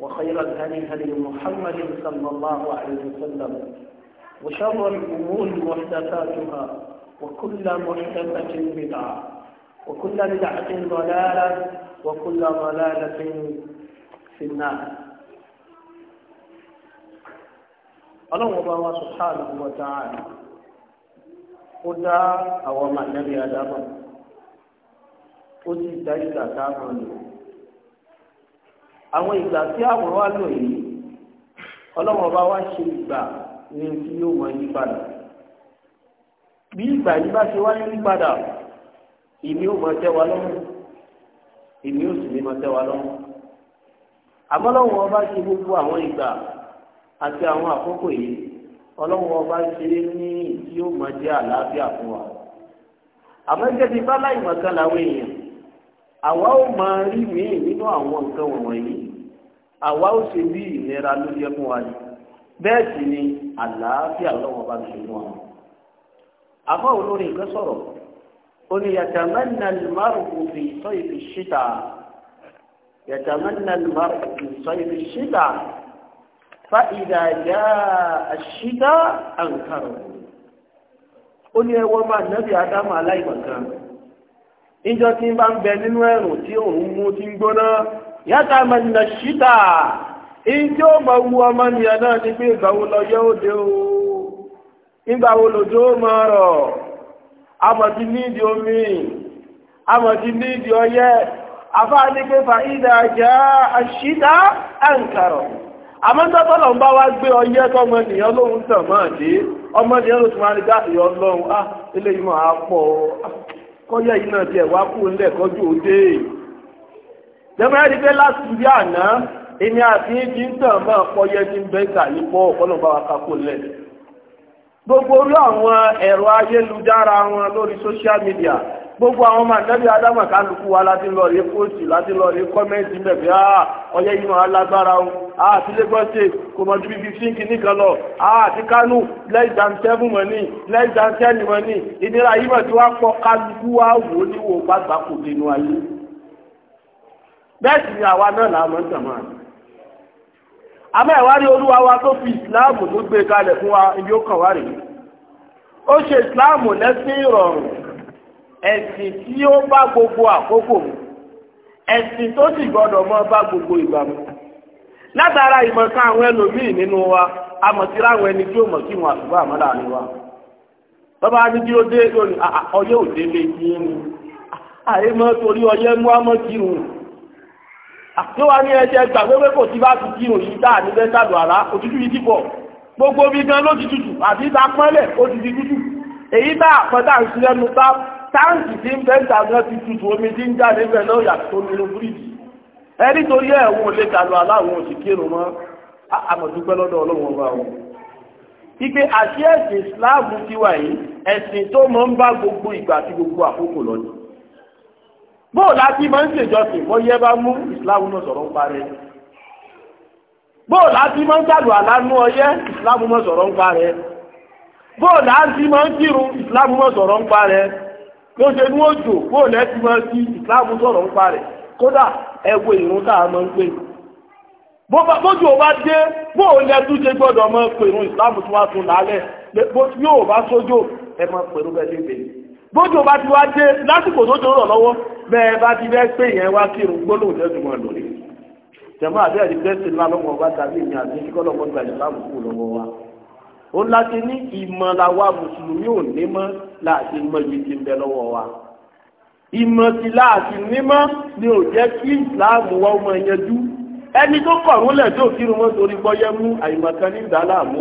وخير الهدي هدي محمد صلى الله عليه وسلم وشر الأمور محدثاتها وكل محدثة بدعة وكل بدعة ضلالة وكل ضلالة في النار الله سبحانه وتعالى قد أو ما النبي آدم قد ذلك آدم àwọn ìgbà tí àwọn wa lò yìí ọlọ́wọ́n bá wá ṣe ìgbà ní tí yóò mọ yí padà bí ìgbà yìí bá ṣe wáyé yí padà ìmí ò mọ tẹ́ wa lọ́rùn ìmí ò sì ní mọ tẹ́ wa lọ́rùn àmọ́ lọ́wọ́n ọba ṣe gbogbo àwọn ìgbà àti àwọn àkókò yìí ọlọ́wọ́n ọba ṣe ní tí yóò mọ jẹ́ àlàáfíà fún wa àmọ́ jẹ́ ti bá láì mọ̀kan làwọn èèyàn àwa ò máa rí míì nínú àwọn nǹkan wọ̀nyí àwa ó ṣe bí ìlera ló yẹ fún wa ni bẹ́ẹ̀ sì ni àlàáfíà lọ́wọ́ bá mi ṣe fún wa. àfọ olórin kan sọ̀rọ̀ ó ní yàtàmánà lùmárùkù fi sọ ìfi ṣíta yàtàmánà lùmárùkù ṣíta fa ó ní ẹwọ́n máa nábì ádámù aláìmọ̀ kan. ìjọ tí ń bá ń bẹ nínú ẹ̀rùn tí òun mú ti ń gbóná. yàtà mẹ́nà ṣídà ìdí ó mọ̀ wu ọmọ nìyà náà ní pé ìgbà wo lọ yẹ o ìgbà wo nídìí omi amọ̀tí nídìí ọyẹ àfáàní pé fa ìdá àṣídà àǹkàrọ̀ àmọ́ tọ́tọ́lọ̀ ń bá wá gbé ọyẹ tọmọ nìyẹn lóhun tàn máa dé ọmọ nìyẹn ló ti máa rí gáàsì ah, ọlọ́run á ah, eléyìí pọ̀ ah, kọ́yẹ́ yìí náà tiẹ̀ wá kú ńlẹ̀ òde jẹ́mọ́ ẹ̀rí pé láti ibi àná èmi àti ibi ń tàn máa pọ̀ yẹ kí n bẹ́ ìgbà yìí pọ̀ ọ̀pọ̀lọpọ̀ bá wa kakó lẹ̀. gbogbo orí àwọn ẹ̀rọ ayélujára wọn lórí social media gbogbo àwọn ọmọ àtẹ́bí adámọ̀ kálukú wa láti lọ rí póòtù láti lọ rí kọ́mẹ́ǹtì mẹ́fẹ́ àá ọyẹ́ yìí wọn alágbára o àá ti Lagos state kò mọ̀ ju bíbí fínkì nìkan lọ àá ti Kánò less than seven mọ̀nì less than ten mọ̀nì ìnira yìí mọ̀ tí wọ́n pọ̀ kálukú wa wò ó níwò gbàgbà kò dénú ayé. bẹ́ẹ̀ ni àwa náà là mọ́ tàn máa àmọ́ olúwa wa tó fi ìsìláàmù tó gbé kalẹ̀ fún ibi ó kàn wá rèé ó ṣe ìsìláàmù lẹ́sìn ìrọ̀rùn ẹ̀sìn tí ó bá gbogbo àkókò eti ẹ̀sìn tó sì gbọdọ̀ mọ́ bá gbogbo ìgbà mu látara ìmọ̀ká àwọn ẹlòmíì nínú wa ẹni tí ó mọ̀ wọn àtúbọ̀ wa ní ó dé ọyẹ́ àyè mọ́ torí ọyẹ́ àtiwá ní ẹjẹ gbà wípé kò sí bá ti kí òyìn tá ní mẹ́sàlù àrá òtútù yìí ti pọ̀ gbogbo bí gan ló ti tutù àti ìta pọ́nlẹ̀ ó ti di tutù èyí tá àpọ́tà ń sí lẹ́nu bá táǹkì tí ń bẹ́ńtà gan ti tutù omi tí ń jáde bẹ́ẹ̀ náà yàtọ̀ tó nínú bíríìjì ẹ nítorí ẹ̀ wọn ò lè dànù aláwọn òsì kírun mọ́ àmọ̀dúpẹ́ lọ́dọ̀ ọlọ́wọ́n bá wọn. ipe àṣẹ ẹ̀sìn Islam tiwa yìí ẹ̀sìn tó mọ́ ń bá gbogbo ìgbà àti gbogbo àkókò lọ́dún bóò láti máa ń ṣèjọsìn bọ́ yẹ bá mú ìsìláàmù náà sọ̀rọ̀ ń parẹ́ bóò láti máa ń jàlù àlánú ọyẹ́ ìsìláàmù náà sọ̀rọ̀ ń parẹ́ bóò láti máa ń kírun ìsìláàmù náà sọ̀rọ̀ ń parẹ́ ló ṣe ní òjò bóò lẹ́tí máa ti ìsìláàmù sọ̀rọ̀ ń parẹ́ kódà ẹ wo ìrun tá a máa ń pè bójú ò bá dé bóò lẹ́tú ṣe gbọ́dọ̀ máa pè ìrun ìsìláàmù tó wá tún lálẹ́ yóò bá sójò ẹ máa pè bójú bá ti wá dé lásìkò tó jọ rọ̀ lọ́wọ́ bẹ́ẹ̀ bá ti bẹ́ẹ̀ pé ìyẹn wá kírun gbólóhùn tẹ́sùn mọ́ lórí jẹ̀mọ́ àbí àti bẹ́ẹ̀sì ńlá lọ́wọ́ ọba tàbí ìyẹn àti kíkọ́ lọ́wọ́ gba ìsìlámù kù lọ́wọ́ wa ó láti ní ìmọ̀ làwa mùsùlùmí ò ní mọ́ láti mọ ibi tí ń bẹ lọ́wọ́ wa ìmọ̀ sí láti nímọ́ ni ò jẹ́ kí ìsìlámù wa ọmọ yanjú ẹni tó kọ̀rún lẹ̀ tó kírun mọ́ torí gbọ́yẹ́mú àyìnbọ̀kan ní ìdálàmú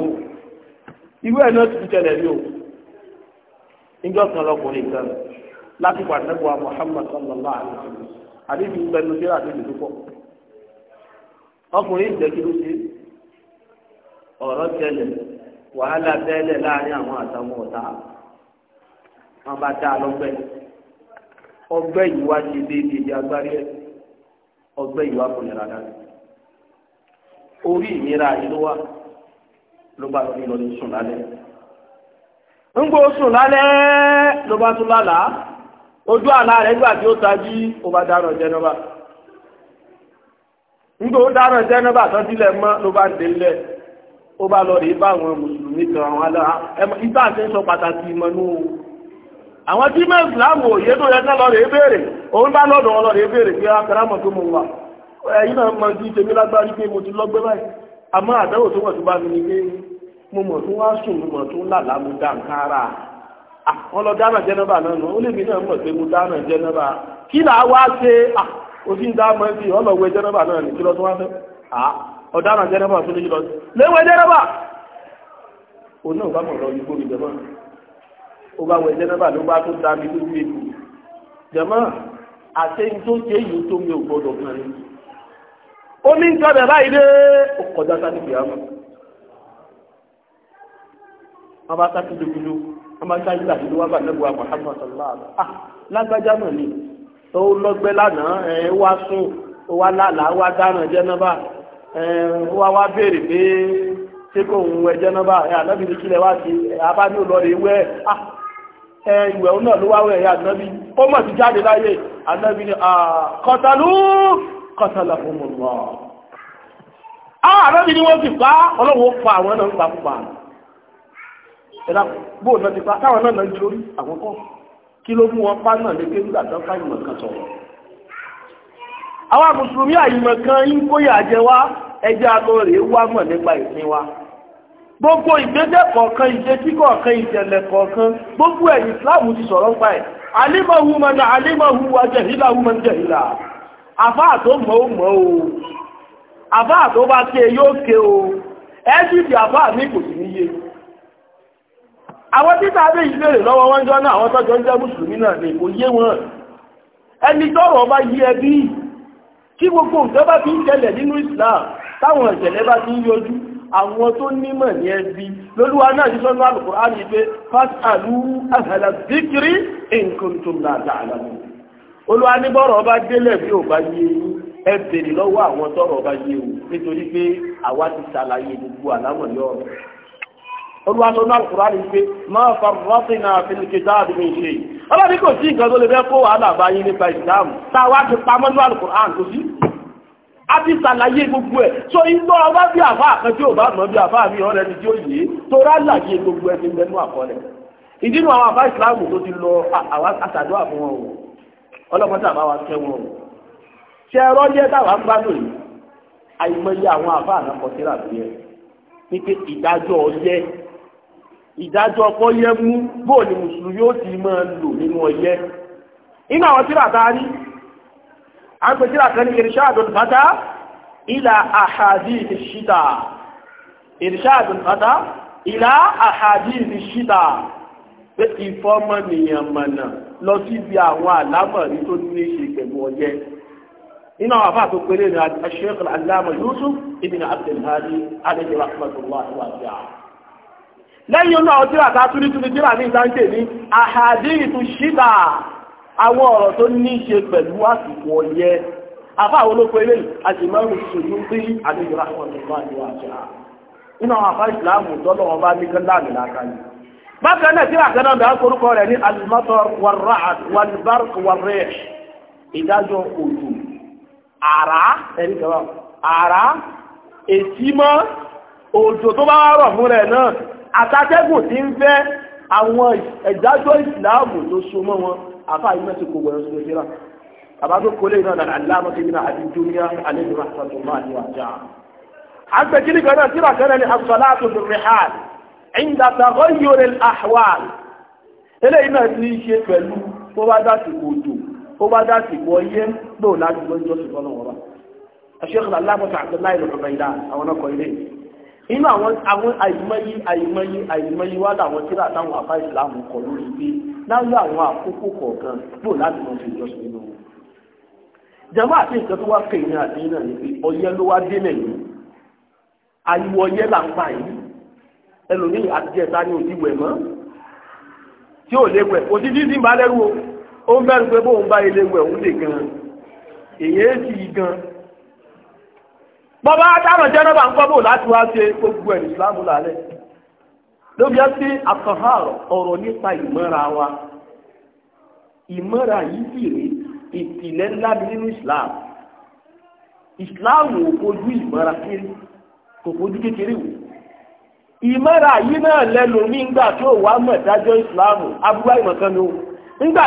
irú ẹ̀ náà ti tẹ̀lẹ̀ ní o níjọ́ kan lọkùnrin kan lásìkò àtẹ́gbọ́ Muhammad sallallahu alayhi wa sallam àdébí ń bẹnu sí àdébí púpọ̀ ọkùnrin ìjẹ́kìlú sí ọ̀rọ̀ tẹ́lẹ̀ wàhálà tẹ́lẹ̀ láàrin àwọn àtàwọn ọ̀tá wọn bá dá a lọ́gbẹ́ ọgbẹ́ yìí wá ṣe déédéé di agbárí ẹ̀ ọgbẹ́ yìí wá kò nira orí ìnira yìí ló wà ngo sùn lálẹ́ ló bá tún lálàá ojú àlá rẹ̀ nígbà ó tají ó bá dáràn jẹnaba ńgbò ó dáràn mọ́ ló bá ó bá ti sọ pàtàkì o àwọn tí mẹ́ ìsìláàmù òye tó yẹ lọ rèé béèrè òun bá lọ́dọ̀ wọn lọ rèé béèrè pé akẹ́rámọ̀ ah, tó náà mọ̀ ju lágbárí pé mo ti lọ́gbẹ́ báyìí àmọ́ àdáwò tó wọ̀ mo mọ̀ tó wá sùn mo mọ̀ tó lálàá mo dá nǹkan ara wọn lọ dáná jẹnẹba náà nù ó náà mọ̀ pé mo dáná jẹnẹba kí là á wá ṣe lọ wá fẹ́ ọ̀dáná jẹnẹba tó lọ sí léwẹ́ jẹnẹba náà bá mọ̀ lọ jẹmọ́ ó bá wẹ jẹnẹba ló bá tó dá mi jẹmọ́ àtẹ́yìn tó jẹ́ tó mi ò gbọ́dọ̀ kan ní. ó ní nǹkan báyìí dé ó wọ́n bá sáfi dùgbùdù wọ́n bá sáfi dàgbùdù wọ́n bá lẹ́gbọ̀ àmọ̀hámà sọ̀lá ah lágbájá mọ̀ ni tó lọ́gbẹ́ lánàá ẹ̀ wá sùn ó wá lálàá wá dáná jẹ́ nọ́bà ẹ̀ wá wá béèrè pé ṣé kò ń wẹ jẹ́ nọ́bà ẹ̀ ànábì ní kílẹ̀ wá sí ẹ̀ abá ní olórí wẹ́ ah ẹ̀ ìwẹ̀ òun náà ló wá wẹ̀ ẹ̀ ànábì ó mọ̀ ti jáde láyé ànábì ní ah, kọ́tàlú kọ́tàlá fún mọ̀ ah ànábì ní wọ́n ti pa ọlọ́wọ́ pa àwọn náà ń pa púpà ẹ̀dá bóò náà ti pa táwọn náà náà ń torí àwọn kọ́ kí ló mú wọn pa náà lé pé nígbà tán fáyìn mọ̀ kan sọ̀rọ̀. àwa mùsùlùmí àyìnbọn kan ń kóyà jẹ wá ẹjẹ́ àlọ́ rèé wá mọ̀ nípa ìsìn wa gbogbo ìgbésẹ̀ kọ̀ọ̀kan ìṣesí kọ̀ọ̀kan ìṣẹ̀lẹ̀ kọ̀ọ̀kan gbogbo ẹ̀ ìsìláàmù ti sọ̀rọ̀ pa ẹ̀ alimahu man o ẹ́ sì fi àfáà ní àwọn títà abẹ́ ìbéèrè lọ́wọ́ wọ́n jọ náà àwọn tọ́jọ́ ń jẹ́ mùsùlùmí náà lè kò yé wọn ẹni tọ́rọ̀ bá yí ẹbí kí gbogbo nǹkan bá fi ń ṣẹlẹ̀ nínú Islam táwọn ìṣẹ̀lẹ̀ bá ti ń yọjú àwọn tó nímọ̀ ní ẹbí lólúwa náà ti sọ́nà Al-Qur'ani pé fásitàlú ahla dhikri in kuntum la ta'lamun olúwa ní bọ́rọ̀ bá délẹ̀ bí ò bá yé yín ẹ bèrè lọ́wọ́ àwọn tọ́rọ̀ bá yé o nítorí pé àwa ti ṣàlàyé gbogbo olùwàsánú alùkùrá ní pé máa farọ́tìnà fìlìkìtà àdìmí ṣe ọlọ́ni kò sí nǹkan tó lè fẹ́ kó wàhálà bá yín nípa ìsìláàmù táwa ti pamọ́ ní alùkùrá kò sí a ti ṣàlàyé gbogbo ẹ̀ so iná ọba bí àfa kan tí ò bá mọ̀ bí àfa mi ọ̀rẹ́ ni tí ó yé tó rá làyé gbogbo ẹni mẹ́nu àkọọ́lẹ̀ ìdí nu àwọn àfa ìsìláàmù tó ti lọ àwa àtàdúrà fún wọn o ọlọ́mọdé àbá wa kẹ́ wọn o ṣe ẹ̀rọ yẹ táwa ń gbádùn yìí àìmọye àwọn àfa àlàkọ̀tẹ́rà lóye ní pé ìdájọ́ yẹ ìdájọ́ ọkọ yẹ mú bó ni mùsùlùmí ó ti máa lò nínú ọyẹ inú àwọn tíra tá a rí a ń pè tíra kan ní irshadul fata ila ahadith shita irshadul fata ila ahadith shita pé ìfọmọnìyàn mọ̀nà lọ síbi àwọn àlámọ̀rí tó ní ṣe pẹ̀lú ọyẹ inú àwọn àfáà tó péré ní Sheikh al-Allama Yusuf ibn Abdul Hadi alayhi rahmatullahi wa ta'ala lẹ́yìn náà tíra tààtú ní túnbí tíra ní ìdáńtè ní àhàdíìtù ṣíbà àwọn ọ̀rọ̀ tó ní ṣe pẹ̀lú àsìkò ọyẹ afá àwọn olóko ilé àṣìmọ́rùn ṣojú sí àdéjọra àwọn ọ̀dọ́ àdéjọra àṣà nínú àwọn afá ìsìláàmù tọ́lọ́ wọn bá ní kẹ́láàmì lákàáyé bákan náà tíra kan náà dáhùn orúkọ rẹ̀ ní alimọ́tọ̀ wàrẹ̀ ìdájọ́ òjò àrá ẹ̀rí kẹwàá àrá ètímọ́ òjò tó bá rọ̀ fún rẹ̀ náà àtàtẹ́gùn tí ń fẹ́ àwọn ìdájọ́ ìsìláàmù tó so mọ́ wọn àfa yìí mẹ́sì kò wẹ̀rẹ̀ sókè síra bàbá tó kólé náà nàlá aláàmọ́ ti gbìnà àti dúnmíà àlejò àtàtò máa ní wàjá. àgbẹ̀ kiri kan náà síra kan náà ni asọ́láàtò rìhàn ìgbà tàgọ́ yóre àhwàl eléyìí náà ti ṣe pẹ̀lú tó bá dá sí òjò tó bá dá sí ọyẹ́ gbòòlá jùlọ ìjọsìn fọ́nà wọn inú àwọn àwọn àìmọye àìmọye àìmọye wá láwọn tíra táwọn àbá ìsìláàmù kọ lórí pé láwọn àwọn àkókò kọ̀ọ̀kan bò láti mọ sí ìjọsìn nínú wọn. jàmbá àti nǹkan tó wá pè ní àdéhùn náà ni pé ọyẹ́ ló wá dé nẹ̀yìn ariwo ọyẹ́ là ń pa yìí ẹlòmíì àtijọ́ ẹ̀ta ni òdi wẹ̀ mọ́ tí ò lè wẹ̀ òdi dídì bá lẹ́rù o ó ń bẹ̀rù pé bóun bá ilé wẹ̀ òun lè gan èyí é gan bọ́bá dáná jẹ́nàbà ń kọ́bù láti wá ṣe gbogbo ẹ̀ ìsìlámù lálẹ́ lóbi ẹ́ sí àtọ̀hárọ̀ ọ̀rọ̀ wa ìmọ́ra yìí sì rí ìpìlẹ̀ ńlá nínú islam islam ò fojú ìmọ́ra kiri kò fojú kékeré wò ìmọ́ra yìí náà lẹ́nu ńgbà tí ó wà mọ̀ dájọ́ islam abúlé ni ó ńgbà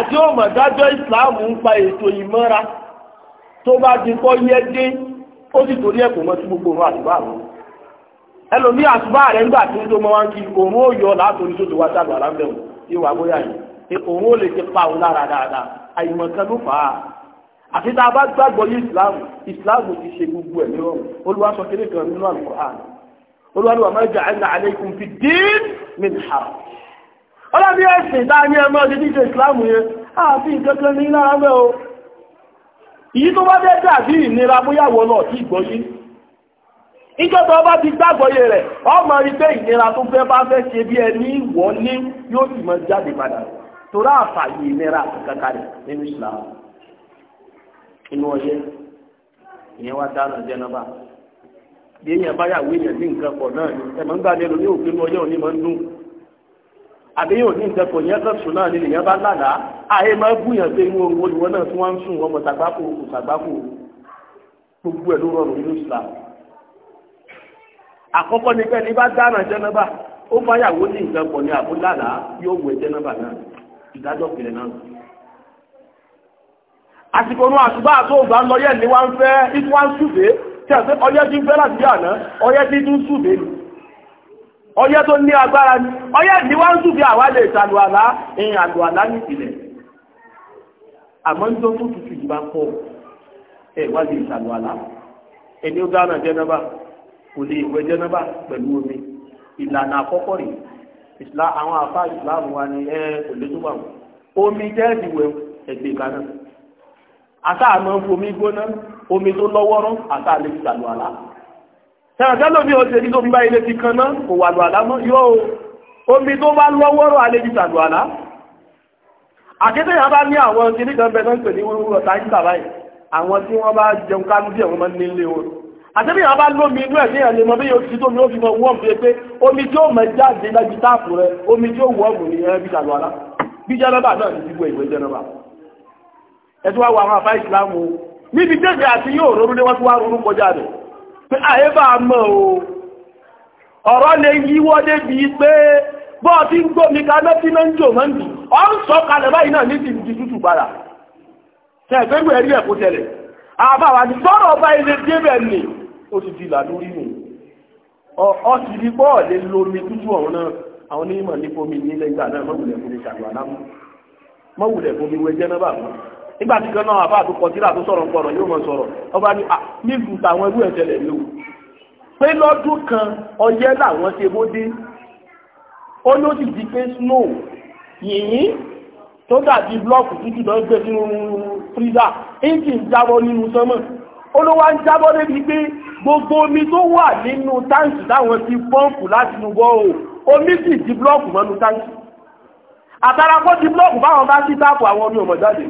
islam ń pa ètò ìmọ́ra ó sì torí ẹ̀kọ́ mọ́ sí gbogbo òun àtúbà rẹ̀ ẹlòmí àtúbà rẹ̀ nígbà tí ó mọ́ wá ń kí òun ó yọ látòrí tó ti wá sálù àlámbẹ̀wò yóò wá bóyá yìí pé òun ó lè ti pa òun lára dáadáa ló fà a bá gbàgbọ́ islam islam ti ṣe gbogbo ẹ̀ nírọ̀rùn olúwa sọ kéré kan nínú olúwa fi min ọlọ́bí ẹ̀sìn tá a ní èyí tó bá jẹ́ dàbí ìnira bóyáwó náà tí ìgbọ́yé ìjọ tó bá ti gbàgbọ́yé rẹ̀ ọmọ rí pé ìnira tó fẹ́ bá fẹ́ ṣe bí ẹni ìwọ́ ní yóò sì mọ jáde padà torí àfààyè ìnira kankan rẹ̀ nínú Islam inú ọyẹ ìyẹn wá dáná jẹnaba bí èèyàn báyàwó èèyàn ní nǹkan pọ̀ náà ẹ̀mọ́ ń gbà ní òfin ọyẹ òní máa ń dún àbí yóò ní ìtẹ́kọ̀ọ́ yẹn kan sùn náà nílẹ̀ yẹn bá lálàá àyè máa búyàn pé inú oru olùwọ́ náà tí wọ́n ń sùn wọn mọ̀ sàgbákò kò sàgbákò gbogbo ẹ̀ ló rọrùn nínú Islam. àkọ́kọ́ ni pé ní bá dáná jẹ́nẹ́bà ó fáyàwó ní ìtẹ́kọ̀ọ́ ní àbó lálàá yóò wẹ̀ jẹ́nẹ́bà náà ìdájọ́ pèlè náà. àsìkò inú àṣùbà àti ògbà lọ ni wọ́n fẹ́ ọyẹ́ tó ní agbára ni ọyẹ́ ní wá ń súnfẹ́ àwá lè ṣàlùwàlá ẹ̀yìn àlùwàlá ní ìpìlẹ̀ àmọ́ ń tó tún tutù ìgbà pọ̀ ẹ̀ wá lè ṣàlùwàlá ẹni ó dáná jẹ́nàbà kò lè wẹ̀ jẹ́nàbà pẹ̀lú omi ìlànà àkọ́kọ́ rẹ̀ ìsìlá àwọn afá ìsìláàmù wa ni ẹ kò lè tó bà wọ́n omi jẹ́ẹ̀dì wẹ̀ ẹ̀gbẹ́ tẹ́rọ̀dẹ́lò mi ò ṣe ní tóbi bá ilé ti kan náà kò wà lọ́àlá mọ́ yóò omi tó bá lọ́wọ́rọ̀ àlejì tàlọ́àlá àkétẹ́yà bá ní àwọn kìíní kan bẹ̀ tán pè ní wúrúwúrọ̀ tá ń tàbáyì àwọn tí wọ́n bá jẹun kánú bí ẹ̀wọ̀n ní ilé wọn àtẹ́bíyàn bá lómi inú ẹ̀sìn ẹ̀lẹ́ mọ́ bí yóò ti tómi ó fi mọ wọ́n fi pé omi tí ó mọ jáde lẹ́bi táàpù rẹ omi tí ó wọ́ ọ̀gùn ní ẹbí tàlọ́àlá bí jẹ́nàbà náà ní gbogbo ìwé jẹ́nàbà ẹ tí wá àwọn àfáà ìsìlámù níbi tẹ́jẹ́ àti yóò rọrùn ní wọ́n rọrùn kọjá rẹ̀ pé àyébà ah, mọ̀ o ọ̀rọ̀ lè yíwọ́ débi pé bọ́ọ̀ tí ń gbómi kaná tí náà ń jò mọ́ nì ọ́ ń sọ kalẹ̀ báyìí náà ní ti di tútù padà tẹ̀gbẹ́rù ẹ̀rí ẹ̀kú tẹ̀lẹ̀ àbáwà ní sọ́rọ̀ bá ilé débẹ̀ nì ó ti di là lórí nù ọ sì rí bọ́ọ̀ lè lórí tútù ọ̀hún náà àwọn onímọ̀ nípa omi nílẹ̀ ìgbà náà mọ̀wùlẹ̀ fún mi ṣàlùwà lámú mọ̀wùlẹ̀ fún mi wẹjẹ́ náà bàbá nígbà tí kan náà àbá àtúkọ tíra tó sọ̀rọ̀ pọ̀rọ̀ yóò mọ̀ sọ̀rọ̀ ọba ní ah, nílùú tàwọn ẹrú ẹ̀tẹ̀lẹ̀ ló pé lọ́dún kan ọyẹ́ làwọn ṣe bó dé ó ló sì di pé snow yìnyín tó dàbí blọ́ọ̀kù tútù náà gbé sínú frídà ìjì ń jábọ́ nínú sánmọ̀ ó ló wá ń jábọ́ débi pé gbogbo omi tó wà nínú táǹkì táwọn ti pọ́ǹpù láti inú bọ́ o omi sì di blọ́ọ̀kù mọ́nú táǹkì àtàràkọ́ di blọ́ọ̀kù báwọn bá sí táàpù àwọn omi ọmọ jáde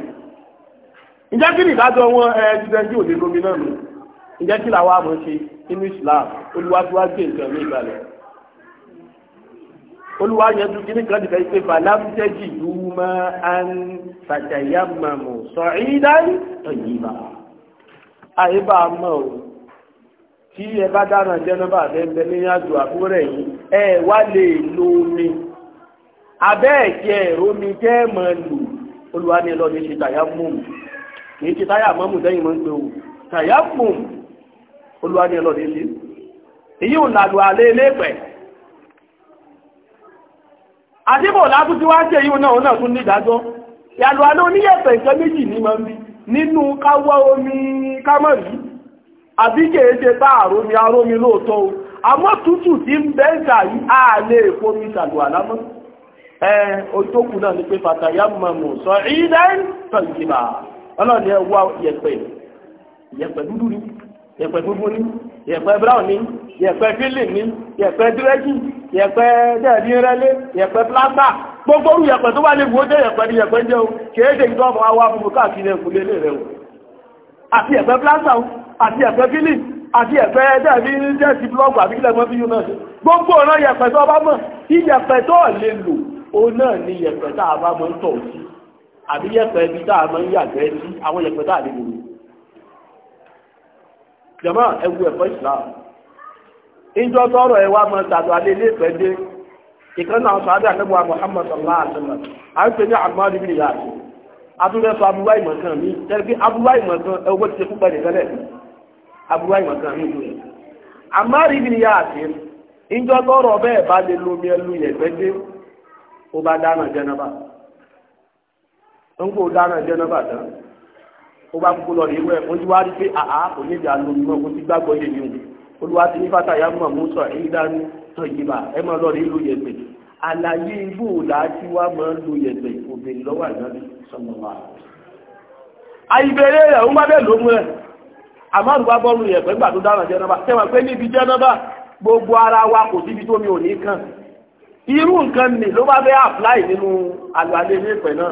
ǹjẹ́ kí ni ìdájọ́ wọn ẹ jíjẹ tí òde lómi náà nù ǹjẹ́ kí làwọn àmọ́ ṣe nínú Islam olùwàdúwà gbé nǹkan ní ìgbàlẹ̀ olùwà yẹn tún kí ní kan dìbẹ́ pé balamtẹ́jì lùmọ́ an fàtẹ̀yàmàmù sa'idan tayyiba àyíbá mọ́ o tí ẹ bá dáná jẹ́nàbà bẹ́ẹ̀ ní àjò àbúrẹ̀ yìí ẹ wá lè lo omi abẹ́ẹ̀kẹ́ omi kẹ́ mọ́ lù olùwà ni lọ́ọ́ ní ṣe tàyà kìí ti táyà mọ́mù lẹ́yìn mọ́ ń pè ó tàyà fún olúwa ní ọlọ́dẹ ṣe èyí ò làlù alẹ́ ilépẹ̀ àdébò látúntí wá ṣe yíò náà náà tún nídàájọ́ ìyàlù alẹ́ oníyẹ̀pẹ̀ nǹkan méjì ní máa ń bí nínú káwọ́ omi kámọ̀rí àbí kìí ṣe bá àrómi arómi lóòótọ́ o àmọ́ tútù tí ń bẹ́ náà ni pé fàtàyà mọ̀mọ̀ sọ ìdẹ́ pẹ̀lú ìbà ọlọ́run ni ẹ wá yẹ̀pẹ̀ yẹ̀pẹ̀ dúdú ni yẹ̀pẹ̀ funfun ni yẹ̀pẹ̀ brown ni yẹ̀pẹ̀ filling ni yẹ̀pẹ̀ dírẹ́jì yẹ̀pẹ̀ dẹ́ẹ̀dì rẹ́lé yẹ̀pẹ̀ plásà gbogbo orú yẹ̀pẹ̀ tó bá lè wò ó jẹ́ yẹ̀pẹ̀ ni yẹ̀pẹ̀ jẹ́ o kéèké ìjọ ọmọ wa fún káàkiri ẹ̀kúlé lè rẹ̀ o àti yẹ̀pẹ̀ plásà o àti yẹ̀pẹ̀ filling àti ẹ̀fẹ́ dàbí jẹ́sì blọ́ọ̀gù àbí kílẹ̀ mọ́bí yóò náà ṣe gbogbo ọ̀nà yẹ̀pẹ̀ tó bá mọ̀ tí yẹ̀pẹ̀ tó lè lò ó náà ni yẹ̀pẹ̀ tá a bá mọ̀ ń tọ̀ sí àbí yẹ̀pẹ̀ ibi tá a máa ń yàgbẹ́ sí àwọn yẹ̀pẹ̀ tá a lè lòlò jọmọ ẹwu ẹ̀kọ́ islam ìjọ tọrọ ẹ wa máa tàdó alẹ́ ilé ìpẹ́ ìkan náà sọ adé àtẹ́wà Muhammad sallallahu alaihi wasallam à ń pè ní Ammar ibn Yasir atúndẹ sọ abúlá ìmọ̀kan mi tẹ́lẹ̀ pé abúlá ìmọ̀kan ẹwọ́ ti ṣe púpọ̀ nìkan lẹ̀ abúlá ìmọ̀kan mi lò yẹ Ammar ibn Yasir ìjọ tọrọ bẹ́ẹ̀ bá lè lomi ẹlú yẹ̀gbẹ́ ó bá dáná jẹnaba ńkò dáná ẹ̀jẹ̀ náà bàtà ó bá kúkú lọ rèé wẹ̀ ti wá rí pé àá kò ní ìjà lómi náà kó ti gbàgbọ́ yé mi o olùwà ti ní fata ya mọ̀ mú sọ èyí dání tọ́ ìjìbà ẹ máa lọ rèé lu yẹ̀pẹ̀ àlàyé ibú làásì wá máa lu yẹ̀pẹ̀ obìnrin lọ́wọ́ àgbàdo sọmọ wa. àyìnbẹ̀rẹ̀ rẹ̀ ó má bẹ́ẹ̀ ló mú rẹ̀ àmọ́ àrùbá bọ́ọ̀lù yẹ̀pẹ̀ gbà tó dáná jẹ́ náà bá tẹ́wọ̀n pé níbi jẹ́ náà bá gbogbo ara wa kò síbi tó mi ò ní kàn irú nǹkan nì ló bá fẹ́ àpláì nínú àlàlé ní ìpẹ̀ náà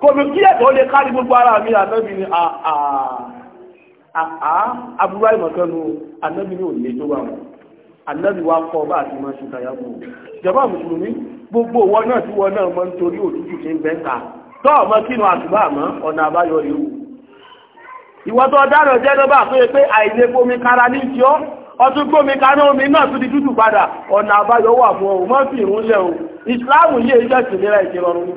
kò ní kí ẹ̀kọ́ lè kárí gbogbo ara mi ànábì ni àà ah, ah, ah, aburú àìmọ̀kánu ànábì ni ò lè tó wà wọn ànábì wa kọ́ bá àti máa ṣe kàyà mọ́ ìjọba mùsùlùmí gbogbo wọn náà tí wọn náà mọ́ nítorí òtútù ṣe ń bẹ́ńkà tọ́ ọmọ kínú àtúbà mọ́ ọ̀nà àbáyọ rèé wò ìwọ́tọ̀ ọ̀daràn jẹ́ lọ́bà pé pé àìlè gbómi kára ní tí ọtún gbómi kára omi náà tún di tútù padà ọ̀nà àbáyọ wà fún ọ̀hún mọ́sí ìrúnlẹ̀ o ìsìláàmù yìí ẹjọ́ ìsìnlẹ̀ ìṣẹ̀rọ̀rùn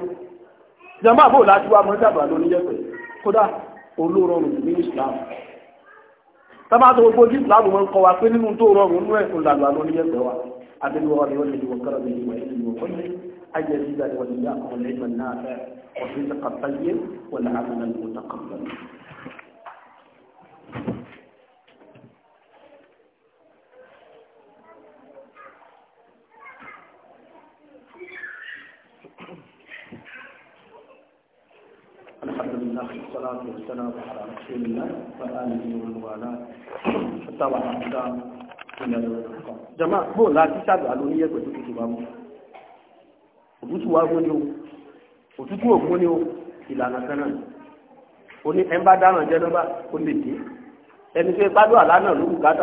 jàmbá àbò láti wá mọ́ dàbà lórí yẹ̀pẹ̀ kódà olórọrùn ní islam tábà tó gbogbo ojú islam wọn kọ wa pé nínú tó rọrùn nú ẹ̀kún làgbà lórí yẹ̀pẹ̀ wa adéwọ́ wa ni wọ́n lè wọ kọ́ra mi ìwà ìlú wọn kọ́lé ayé ìdíjà ni wọ́n lè yá lẹ́yìn wọn náà fẹ́ ọ̀sìn taqabbal wọ́n lè àmì الحمد لله والصلاة والسلام على رسول الله وآله والوالاه فتاوى الأحكام إلى الأحكام جماعة هو لا تسأل عن نية وتكتب أمر òtútù wa gbóni o òtútù ò gbóni o ìlànà kan náà oní ẹ̀ ń bá dáná jẹ́ nọ́mbà ó lè dé ẹni tó ipá ló àlá náà ló kù náà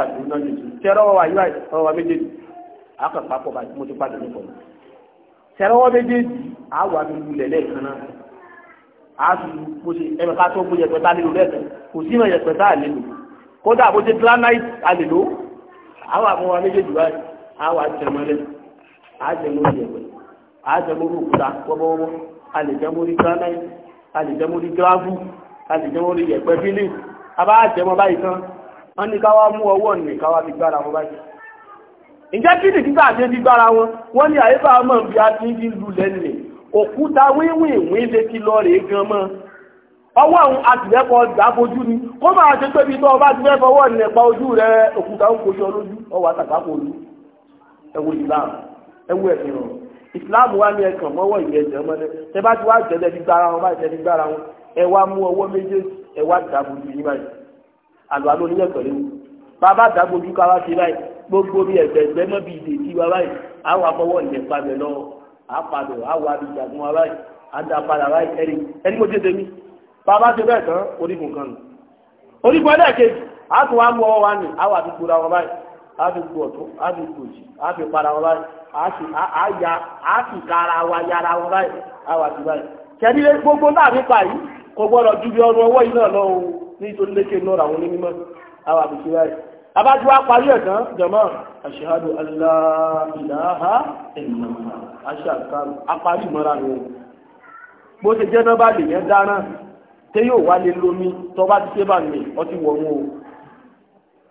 lè tún wa yíwá ọwọ́ méjèèjì akọ̀pá bá mo ti pàdé nípa ọ̀nà tẹ́rọ̀wọ́ méjèèjì àwọn àbí lulẹ̀ lẹ́ẹ̀kan náà àásù bóṣe ẹ̀mẹ̀ ká tó bóṣe ẹ̀pẹ̀ta lílo lẹ́sẹ̀ kò sí ìmọ̀ ẹ̀pẹ̀ta àlélò kódà bóṣe granite àlélò àwọn àmọ́ wa méjèèjì báyìí àwọn àjẹmọ́lẹ̀ àjẹmọ́lẹ̀ ẹ̀pẹ̀ àjẹmọ́lẹ̀ òkúta wọ́wọ́wọ́ àlèjẹmọ́lẹ̀ granite àlèjẹmọ́lẹ̀ gravel àlèjẹmọ́lẹ̀ ẹ̀pẹ̀ fílì abá àjẹmọ́ báyìí kan wọ́n ní káwá mú ọwọ́ nì káwá fi gbára wọn báyìí ǹjẹ́ kí nìdí òkúta wíwìnwí lè ti lọ rèé gan mọ́ ọwọ́ àwọn àtìlẹ́kọ̀ ọjà fojú ni kó máa ṣe pé ibi tó ọba ti fẹ́ fọwọ́ nípa ojú rẹ òkúta ń kojú ọlójú ọwọ́ àtàkàkọ̀ olú ẹwọ ìlànà ẹwọ ẹ̀sìn rọ̀ ìsìláàmù wa ní ẹkàn mọ́wọ́ ìyẹn jẹ́ mọ́lẹ́ tẹ bá ti wá jẹ́lẹ̀ bí gbára wọn bá jẹ́lẹ̀ gbára wọn ẹ wá mú ọwọ́ méjèèjì ẹ wá dàbójú yín báyìí àlọ́ àlọ́ oníyẹ̀ pẹ̀lú bàbá dàbójú káwá sí báyìí gbogbo bí ẹ̀gbẹ̀gbẹ́ mọ́ bí ìdè tí àpàdé àwọn abìjàgún wa báyìí àdàpadà báyìí ẹni ẹni mo jẹ́ tèmi bàbá ṣe bẹ́ẹ̀ tán orígun kan nù orígun ẹlẹ́ẹ̀kejì a tún wá mú ọwọ́ wa nì àwọn àfikún ra wọn báyìí àfikún ọ̀tún àfikún òsì àfikún ara wọn báyìí àyà àfikún ara wa yára wọn báyìí àwọn àti báyìí kẹ́ni gbogbo náà fi pa yìí kò gbọ́dọ̀ ju bí ọrùn ọwọ́ yìí náà lọ nítorí lékè náà àwọn onímọ̀ àwọn àfikún báyìí abájú wa parí ẹ̀tàn jọmọ́ ashhadu an la ilaha illallah aṣáàkárù apárí mọ́ra rẹ̀ bó ṣe jẹ́ nọ́bà lè yẹn dáná tẹ́ yóò wá lè lómi tọ́ bá ti ṣe bá mi ọtí wọ̀ wọn o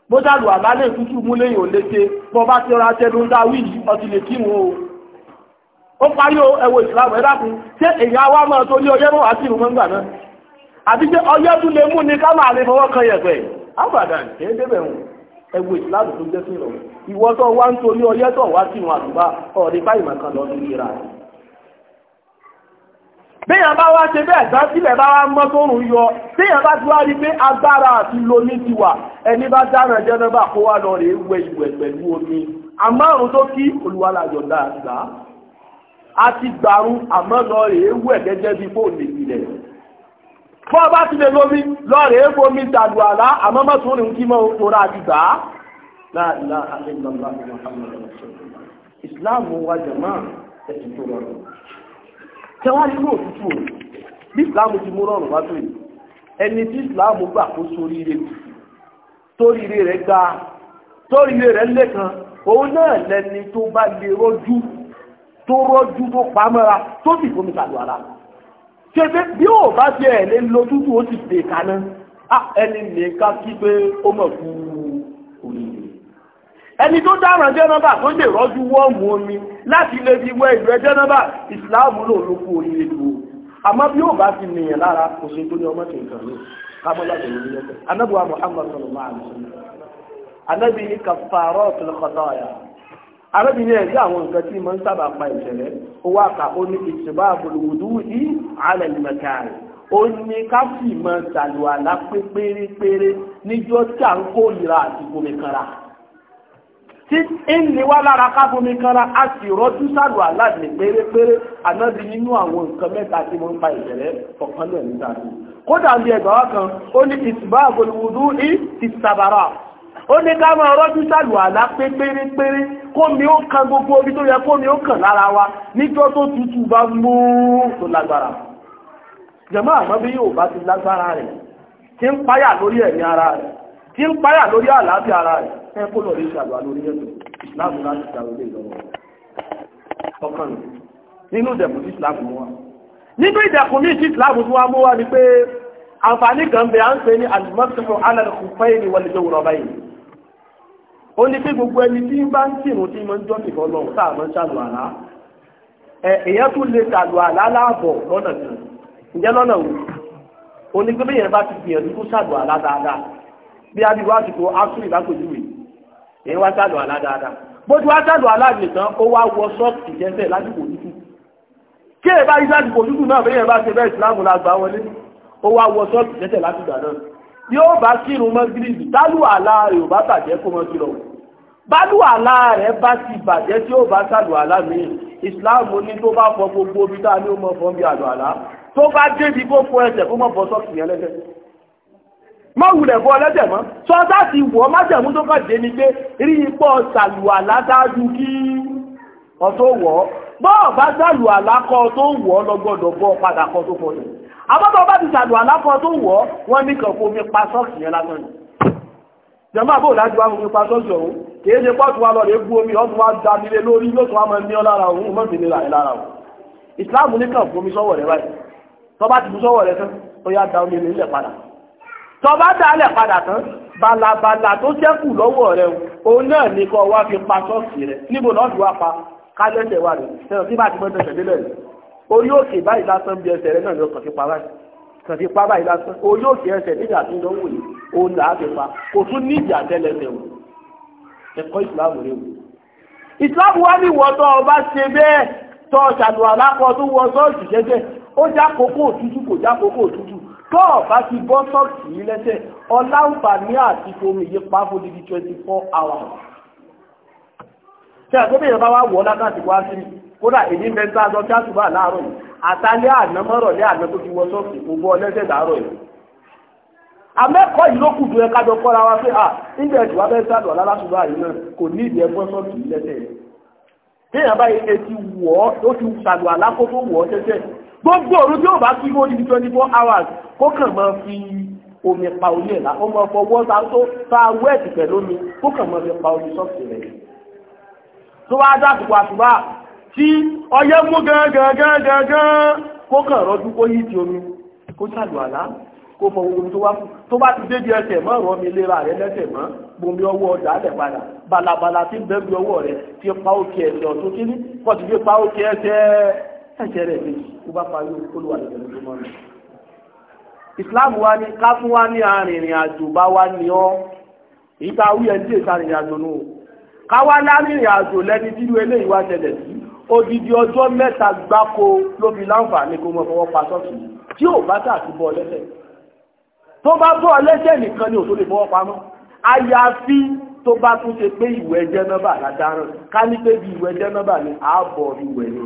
bó dàlù àbálẹ̀ tútù mú lẹ́yìn òlété bọ́ bá ti ra tẹnu ń dá ọtí lè kí wọn o ó parí ẹwọ ìsìlámù ẹ dákun ṣé èyí àwa máa tó ní ọyẹ́ mọ́wàá sínú mọ́ngbà náà àti ṣé ọyẹ́ tún lè mú ni ká máa lè fọwọ́ kan yẹ̀pẹ̀ àbàdàn kì débẹ̀ wọn ẹwọ ìsìláàmù tó jẹ́ sínú ìwọ tó wá ń torí ọyẹ́ tó wá sínú àdúgbà ọ̀rẹ́ báyìí máa kan lọ sí ìra rẹ̀. béèyàn bá wá ṣe bẹ́ẹ̀ dá sílẹ̀ bá wá mọ́ tó rùn yọ béèyàn bá ti wá rí pé agbára àti lomi ti wà ẹni bá dáná jẹ́nẹ́bà kó wá lọ rè wẹ ìwẹ̀ pẹ̀lú omi àmárùn tó kí olúwalájọ dáadáa àti gbàrún àmọ́ lọ rè wẹ̀ gẹ́gẹ́ bí fóònù ìpìlẹ̀ fún ọba ti lè lómi lọ́rẹ̀ èèfò mi tàdù àlá àmọ́ mọ́tò rìn kí mọ́ òkúra àti gbà á. láàlá àlejòlá ìsìláàmù wa jẹ̀mọ́ ẹ̀sìn tó rọrùn. tẹwàá nínú òtútù o bí ìsìláàmù ti mú rọrùn wá tó yìí ẹni tí ìsìláàmù gbà kó sórí ire torí ire rẹ̀ ga torí ire rẹ̀ lẹ́kan òun náà lẹni tó bá lè rọ́jú tó rọ́jú tó pamọ́ra tó sì fomi tàdù àlá ṣe pé bí ò bá jẹ́ ẹ̀lẹ́ lójútù ó ti pè kaná ah, ẹni nìkan kí pé ó mọ̀ fún òyìnbó ẹni tó dáràn jẹ́nàbà tó lè rọ́jú wọ́ọ̀mù omi láti lè fi wẹ ìgbẹ́ jẹ́nàbà ìsìláàmù lò ló kú oríire lò àmọ́ bí ò bá ti nìyàn lára kò ṣe tó ní ọmọ tó nǹkan lò kámọ́lá tó ní lẹ́sẹ̀ anábìwá muhammad sallallahu alaihi wasallam anábì ní arábìnrin ẹ̀ sí àwọn nǹkan tí mo ń sábà pa ìṣẹ̀lẹ̀ ó wá kà ó ní ìṣẹ̀bá àbòlùwòdú yìí alẹ́ ìmọ̀ká rẹ̀ ó ní ká sì mọ ṣàlùwàlá pé pérépéré níjọ́ tí à ń kórìíra àti bomi kanra tí ń wá lára ká bomi kanra a sì rọ́jú ṣàlùwàlá ní pérépéré ànábi nínú àwọn nǹkan mẹ́ta tí mo ń pa ìṣẹ̀lẹ̀ ọ̀kan lẹ́nu dàbí kódà bí ẹgbàá kan ó ní ìṣẹ̀bá àbòlùwòdú yìí ti sàbàrà ó ní ká máa rọ́jú sàlùwàlá pé pérépéré kómi ó kan gbogbo orí tó yẹ kómi ó kàn lára wa níjọ́ tó tutù bá mú tó lágbára jẹ̀mọ́ àmọ́ bí yóò bá ti lágbára rẹ̀ tí ń páyà lórí ẹ̀mí ara rẹ̀ tí ń páyà lórí àlàáfíà ara rẹ̀ ẹ kó lọ rí sàlùwà lórí ẹ̀tọ́ láàbù láti sàrò lè lọ ọkàn nínú ìdẹ̀kùn sí ìsìláàmù wa nínú ìdẹ̀kùn ní ìsìláàmù tí wọ́n mú wa ni pé àǹfààní kan bẹ à ń pè ní alimọ́tò alàlùkùfẹ́ ni wọlé tó wúrọ̀ báyìí ó ní pé gbogbo ẹni tí bá ń kírun tí mo ń jọ́ nìkan lọ tá a máa ń ṣàlù àlá èèyàn tún lè ṣàlù àlá láàbọ̀ lọ́nà kan ǹjẹ́ lọ́nà wò ó ní pé bí èèyàn bá ti gbìyànjú kó ṣàlù àlá dáadáa bí a bí wá ti kó asún ìbákojúwe èèyàn wá ṣàlù àlá dáadáa bójú wá ṣàlù àlá nìkan ó wá wọ ṣọ́ọ̀kì jẹ́sẹ̀ lásìkò òtútù kí èèyàn bá yí sásìkò òtútù náà bí èèyàn bá ṣe bẹ́ẹ̀ ìsìlámù la gbà wọlé ó wá wọ sọ́ọ̀tì tẹ́tẹ̀ láti gbà náà yóò bá kírun mọ́ gírígì dálù àlá rẹ̀ ò bá bàjẹ́ kó mọ́ kírun bálù àlá rẹ̀ bá ti bàjẹ́ tí ó bá sàlù àlá mi ìsìláàmù ní tó bá fọ gbogbo omi tá a ní ó mọ fọ́n bí àlù àlá tó bá débi kó fọ ẹsẹ̀ kó mọ́ bọ́ sọ́ọ̀tì yẹn lẹ́sẹ̀ má wulẹ̀ bọ́ ọlẹ́sẹ̀ mọ́ sọ́ọ́tà ti wọ̀ májẹ̀mú tó kàn dé ni pé rí ipò sàlù àlá dájú kí ọ̀tọ̀ wọ̀ bọ́ọ̀ bá sàlù àlá kọ́ tó wọ̀ lọ́gbọ́dọ̀ bọ́ padà kọ́ tó fọ́ yẹn àbọ́tọ̀ bá ti sàdù àlápọ̀ tó wọ́ wọ́n ní kàn fún omi pa sọ́ọ̀sì yẹn lásán ni jẹmọ́ àbò ìdájú àwọn omi pa sọ́ọ̀sì ọ̀hún kìí ṣe pọ́ọ̀tù wa lọ́rẹ̀ gbú omi ọdún wa da nílé lórí yóò tún wá máa ní ọ lára òun mọ́ sí nílà lára òun ìsìláàmù ní kàn fún omi sọ́wọ́ rẹ̀ báyìí tọ́ bá ti fún sọ́wọ́ rẹ̀ tán ó yá da omi nílẹ̀ padà tọ́ bá da alẹ̀ padà tán balabala tó ṣẹ́kù lọ́wọ́ rẹ̀ òun náà ní kọ́ wá fi pa sọ́ọ̀sì rẹ̀ níbo lọ́ọ̀dù wa pa kálẹ́sẹ̀ wa rẹ̀ sẹ́yìn tí bá ti mọ́ orí òkè báyìí lásán bí ẹsẹ̀ rẹ náà lọ kàn fi pa báyìí kàn fi pa báyìí lásán orí òkè ẹsẹ̀ nígbà tí ló ń wòye òun là á fi pa kò tún ní ìjà tẹ́lẹsẹ̀ wò ẹ̀kọ́ ìsìláàmù rẹ wò. ìsìláàmù wá ní ìwọ́n tó ọba ṣe bẹ́ẹ̀ tó ṣàdùn àlákọ̀ tó wọ sọ́ọ̀sì jẹ́jẹ́ ó já kókó òtútù kò já kókó òtútù tó ọba ti bọ́ sọ́ọ̀sì yìí lẹ́sẹ̀ ọláǹfààní àti fomi yìí pa fún di twenty four hours. ṣé àgbébẹ̀yẹ̀ bá wá wọ̀ ọ́ lákàtí wá sí mi kódà èyí mẹ́ta lọ kí àtúbà láàárọ̀ yìí àtàlẹ́ àná mọ́rọ̀lẹ́ àná tó fi wọ sọ́ọ̀sì kò bọ́ ọlẹ́sẹ̀ yìí. amẹ́kọ̀ọ́ yìí ló kù ju kọ́ra wa pé ah nígbà ìdùnnú abẹ́ sàdùn alálàṣùbà yìí náà kò ní ìdí ẹgbọ́n lẹ́sẹ̀ yìí. téèyàn báyìí etí wọ̀ ọ́ ti sàdùn gbogbo òru tí ò bá kí twenty four fi omi pa la máa fọwọ́ sa tó wẹ́ẹ̀tì pẹ̀lú tí ọyẹ́ mú gangan kó kàn rọ́dún kó yí ti omi kó sàlù àlá kó fọ ogun tó wá fún tó bá ti débi ẹsẹ̀ mọ́ ọ̀rọ̀ mi lera rẹ lẹ́sẹ̀ mọ́ gbomi ọwọ́ ọjà alẹ̀ padà balabala tí bẹ́ẹ̀bi ọwọ́ rẹ fi pa òkè ẹsẹ̀ ọ̀tún kí ní kọ́ ti fi pa òkè ẹsẹ̀ ẹsẹ̀ rẹ̀ méjì tó bá parí olúwa islam wa ni ká fún wa ní arìnrìn àjò bá wa ní ọ ìta wí ẹni tí èsà àjò nù ká wá lárìnrìn àjò lẹni tí irú eléyìí ṣẹlẹ̀ sí odidi ọjọ́ mẹ́ta gbáko ló fi láǹfààní kó mọ fọwọ́ pa sọ́ọ̀tù tí ò bá tà sí bọ́ ọlẹ́sẹ̀ tó bá bọ́ ọlẹ́sẹ̀ nìkan ni ò tó lè fọwọ́ pamọ́ àyàfi tó bá tún ṣe pé ìwẹ̀ jẹ́nàbà ládàárọ̀ ká ní pé bí ìwẹ̀ jẹ́nàbà ni ààbọ̀ ìwẹ̀ ni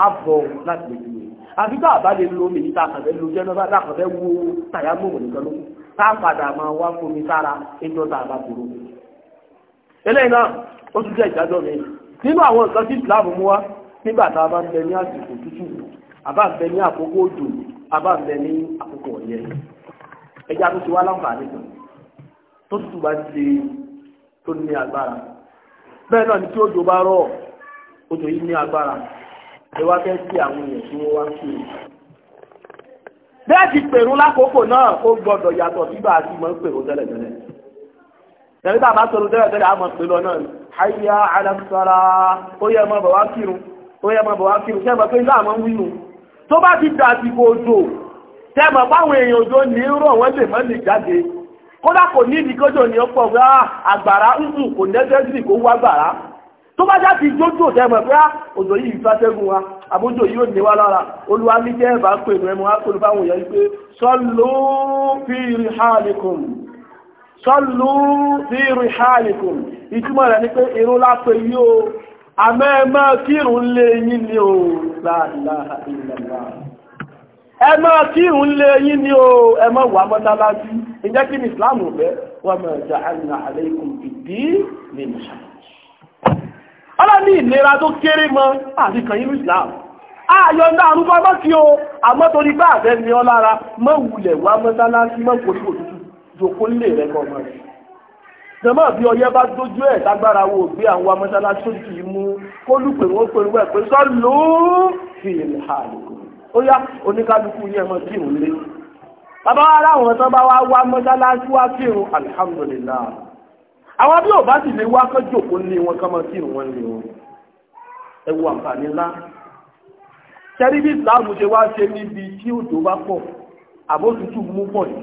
ààbọ̀ láti lè fi wẹ̀ àfi bá àbá lè lo omi níta kàfẹ́ lo jẹ́nàbà lákàfẹ́ wo tàyámọ̀mọ̀ nìkan ló tá a padà máa wá fomi sára ẹjọ́ tá a bá kúrò eléyìí náà ó tún jẹ́ ìdájọ́ mi nínú àwọn nǹkan tí Islam mú wá nígbà tá a bá ń bẹ ní àsìkò tútù àbá ń bẹ ní àkókò òjò àbá ń bẹ ní àkókò ọ̀yẹ́ ẹja tó ti wá láǹfààní kan tó tútù bá ti tó ní agbára bẹ́ẹ̀ náà ni tí òjò bá rọ̀ òjò yìí ní agbára ẹ wá fẹ́ sí àwọn èèyàn tí wọ́n wá sí i bẹ́ẹ̀ ti pèrún lákòókò náà ó gbọ́dọ̀ yàtọ̀ sígbà àti mọ́ ń tẹ́lẹ̀tẹ́lẹ̀ tẹ̀lé bàbá sọ̀rọ̀ tẹ́lẹ̀ tẹ́lẹ̀ àmọ̀ pẹ̀lú ọ̀nà hayya ala salah ó yẹ mọ́ bọ̀ wá kírun ó yẹ mọ́ bọ̀ wá kírun tẹ́mọ̀ pé ilé àmọ́ ń wínu tó bá ti dà sí kò jò tẹ́mọ̀ báwọn èèyàn òjò ní rọ̀ wọ́n lè mọ́ lè jáde kódà kò ní ìdíkọ́jọ́ ni ọ̀pọ̀ pé ah, àgbàrá ń sùn kò nẹ́sẹ̀sì kó wá gbàrá sọ́lú bí rìhálìkùn ìtumọ̀ rẹ̀ ní pé irun lápẹ yóò àmẹ́ẹ̀mọ́ kírun lé yí ni o la ilaha illallah ẹmọ́ kírun ni o ẹmọ́ wà mọ́dálájú ìjẹ́ kí ní islam rẹ̀ wọ́n mọ̀ ja'alna alaykum fìdí lè ọlọ́ni ìlera tó kéré mọ́ islam o àmọ́ torí bá àfẹ́ mọ́ wulẹ̀ wà mọ́ jòkó lè rẹ kọ ọmọ rẹ jọmọ bí ọyẹ bá dójú ẹ lágbára wo gbé àwọn amọsálásí kì í mú kó lùpẹ wọn pé wọn pé sọ ló fi hà ó yá oníkálukú yẹn mọ sí òun lé bàbá wa láwọn tán bá wá wá mọsálásí wá kírun alihamudulilayi àwọn bí ò bá sì lè wá kán jòkó lé wọn kán mọ kírun wọn lé wọn ẹ wo àǹfààní ńlá sẹ́rí bí ṣe wá ṣe níbi tí òjò bá pọ̀ àbótútù mú pọ̀ yìí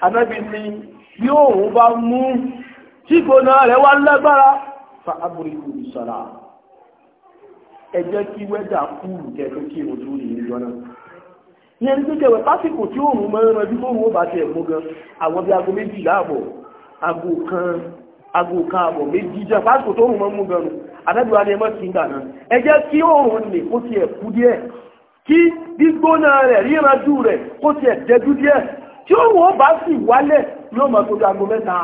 anábì ni bí òun bá mú tí gbóná rẹ̀ wá lágbára fa abúrúkú sọ̀rọ̀ ẹ kí wẹ́dà kúrù kẹ́ tó kí o tó rí ìjọ náà ìyẹn tó jẹ́wẹ̀ pásìkò tí òun mọ́ ẹran bí òun ó bá gan àwọn bí aago méjì láàbọ̀ aago kan aago kan àbọ̀ méjì jẹ́ tó òun mọ́ mú gan ni ẹ mọ́ ti ń kí òun kó díẹ̀ tí ó wọ́n bá sì wálẹ̀ ní ọmọ tó dá aago mẹ́ta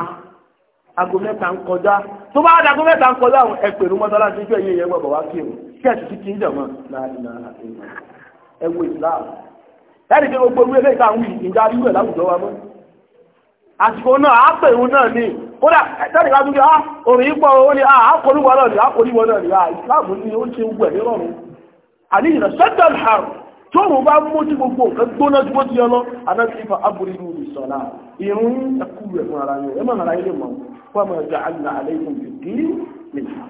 aago mẹ́ta ń kọjá tó bá dá aago mẹ́ta ń kọjá àwọn ẹ̀pẹ̀ mọ́tọ́lá ìyẹn ẹgbẹ́ bàbá kí o kí ti kí ń jẹ̀mọ́ ẹwọ ìsìláàmù ẹ̀rì gbogbo ìjà láwùjọ wa mọ́ àsìkò náà náà ni kódà ká tún kí ah, yípo ni ah, náà ni náà ni ah, ni ó ṣe tóòrùn bá mú tí gbogbo nǹkan gbóná tí wọ́n ti yọ lọ adájúfà abúlé ní ìsọ̀lá irun ẹkú rẹ̀ fún ara yẹn ẹ má nara ilé mọ̀ fún àmọ́ ẹja àgbà àlẹ́kùn ti dé nìyà.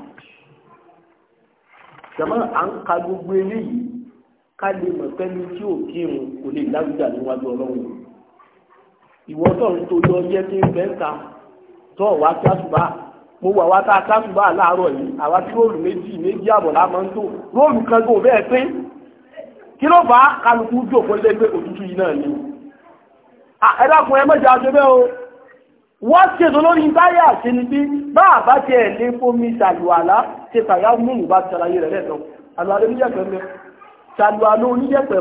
jama à ń ka gbogbo eléyìí ká lè mọ̀ pẹ́lú tí ò kírun kò lè lágbèjà níwájú ọlọ́run ìwọ tó ń tó yọ yẹ kí n fẹ́ ta tó wá kí a tùbà mo wà wá tá a ká tùbà láàárọ̀ yìí àwa tí róòlù méjì méjì àbọ̀ máa ń tó róòlù kan tó bẹ́ẹ̀ pín kí ló bá kálukú jòkó lé pé òtútù yìí náà ni ẹ̀dàkùn ẹ mẹ́jọ aṣọ́bẹ́ o wọ́n ṣe tó lórí báyà sí ni bí bá àbá ti ẹ̀ lé fómi ṣàlùwàlá ṣe tàyà múnú bá ṣàlàyé rẹ̀ lẹ́tọ̀ àlùwàlá oníjẹ̀pẹ̀ mẹ́ ṣàlùwàlá oníjẹ̀pẹ̀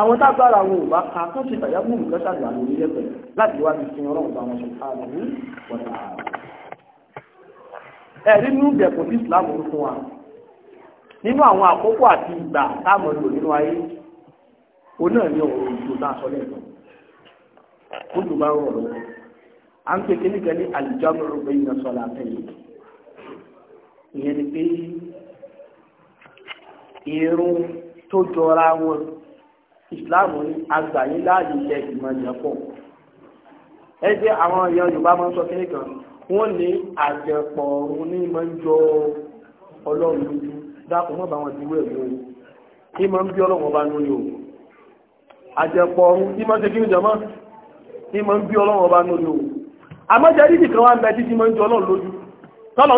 àwọn tágbára àwọn òbá ká tó ṣe tàyábù nǹkan ṣàgbà lórí lẹ́pẹ̀ láti wá fi sin ọlọ́run bá wọn ṣe ká lórí wọ̀tà ẹ̀rí nínú ìdẹ̀kùn tí Islam ń fún wa nínú àwọn àkókò àti ìgbà táwọn lò nínú ayé òun náà ní ọ̀rọ̀ ìjò náà sọ lẹ́ẹ̀kan ó jù bá ń rọ̀ à ń pè kíníkẹ́ ní àlìjáwé iná sọlá àtẹ̀yìn ìyẹn ni pé irun tó jọra wọn ìsìláàmù ní agbàyín láàyè iṣẹ́ ìgbìmọ̀ ìyẹn pọ̀ ẹ jẹ́ àwọn èèyàn Yorùbá máa ń sọ kínní kan wọ́n ní àjẹpọ̀ ọ̀run ní máa ń jọ Ọlọ́run lójú dákun mọ́ bá wọn ti wé ẹ̀mí o kí máa ń bí Ọlọ́run ọba nú ni o àjẹpọ̀ ọ̀run kí ń ṣe kí ni jọmọ́ kí ń bí Ọlọ́run ọba nú ni o àmọ́jẹ́ dídì kan wá ń bẹ títí máa ń jọ Ọlọ́run lójú tọ́lọ́